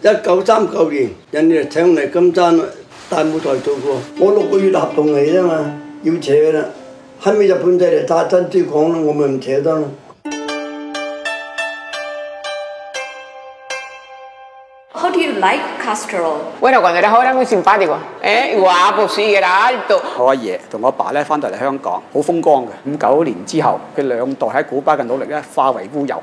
一九三九年，人哋嚟請嚟金山大舞台做過，我六個月合同嚟啫嘛，要扯㗎啦。後尾日本仔嚟打珍珠港，我咪唔扯得囉。How do you like Castro？喂，我覺得佢好，好有啲善諦喎。誒，話唔死嘅啦，都我阿爺同我阿爸咧翻到嚟香港，好風光嘅。五九年之後，佢兩代喺古巴嘅努力咧化為烏有。